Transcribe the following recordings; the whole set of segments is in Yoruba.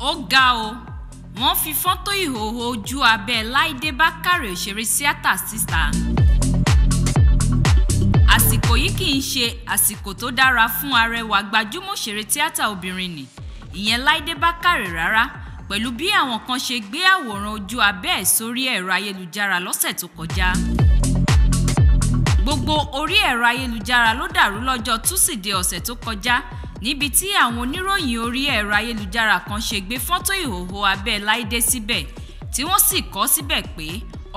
ó ga o wọ́n fi fọ́tò ìhòòhò ojú abẹ́ láìdé bákàrè òṣèré tíátà síta àsìkò yìí kì í ṣe àsìkò tó dára fún arẹwà gbajúmọ̀ òṣèré tíátà obìnrin nì ìyẹn láìdé bákàrè rárá pẹ̀lú bí àwọn kan ṣe gbé àwòrán ojú abẹ́ ẹ̀ sórí ẹ̀rọ ayélujára lọ́sẹ̀ tó kọjá gbogbo orí ẹ̀rọ ayélujára ló dàrú lọ́jọ́ túsìdẹ̀ẹ́ ọ̀sẹ̀ tó kọjá níbi tí àwọn oníròyìn orí ẹ̀rọ ayélujára kan ṣe gbé fọ́tò ìhòòhò abẹ́ Láìdé síbẹ̀ tí wọ́n sì kọ síbẹ̀ pé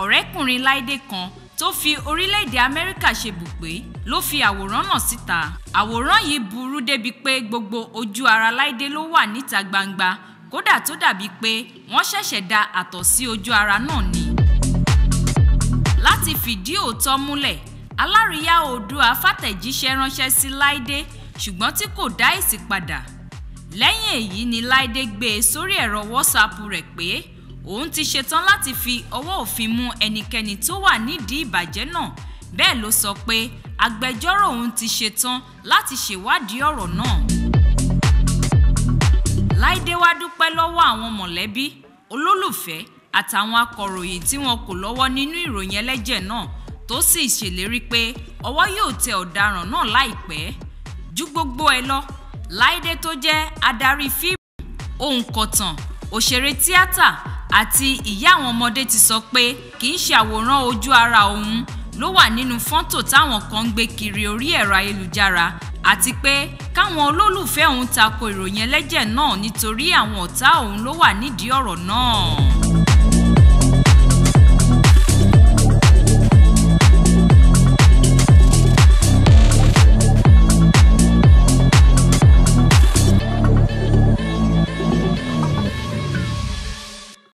ọ̀rẹ́kùnrin Láìdé kan tó fi orílẹ̀-èdè Amẹ́ríkà ṣe bùgbé ló fi àwòrán náà síta àwòrán yìí burú débi pé gbogbo ojú ara Láìdé ló wà níta gbangba kódà tó dàbí pé wọ́n ṣẹ̀ṣẹ̀ da àtọ̀ sí ojú ara náà ni. láti fìdí òótọ́ múlẹ̀ alárìíyá Oòduà fàtẹ̀jíṣẹ́ ránṣẹ́ sí Láìdé ṣùgbọ́n tí kò dá èsì padà lẹ́yìn èyí ni láìdé gbé e sórí ẹ̀rọ wọ́sàpù rẹ̀ pé òun ti ṣetán láti fi ọwọ́ òfin mú ẹnikẹ́ni tó wà nídìí ìbàjẹ́ náà bẹ́ẹ̀ ló sọ pé agbẹjọ́rò òun ti ṣetán láti ṣèwádìí ọ̀rọ̀ náà. láìdé wá dúpẹ́ lọ́wọ́ àwọn mọ̀lẹ́bí olólùfẹ́ àtàwọn akọ̀ròyìn tí wọn kò lọ́wọ́ nínú ìròyìn ẹlẹ́jẹ̀ náà tó sì ṣèlérí pé ọwọ́ yóò tẹ ọ̀daràn náà láìpẹ́ ju gbogbo ẹ̀ lọ láìdé tó jẹ́ adarí fíìmù òǹkọ̀tàn òṣèré tíátà àti ìyá àwọn ọmọdé ti sọ pé kì í ṣe àwòrán ojú ara òun ló wà nínú fọ́tò táwọn kan ń gbé kiri orí ẹ̀rọ ayélujára àti pé káwọn olólùfẹ́ òun tako ìròyìn ẹlẹ́jẹ̀ náà nítorí àwọn ọ̀tá òun ló wà nídìí ọ̀rọ̀ náà.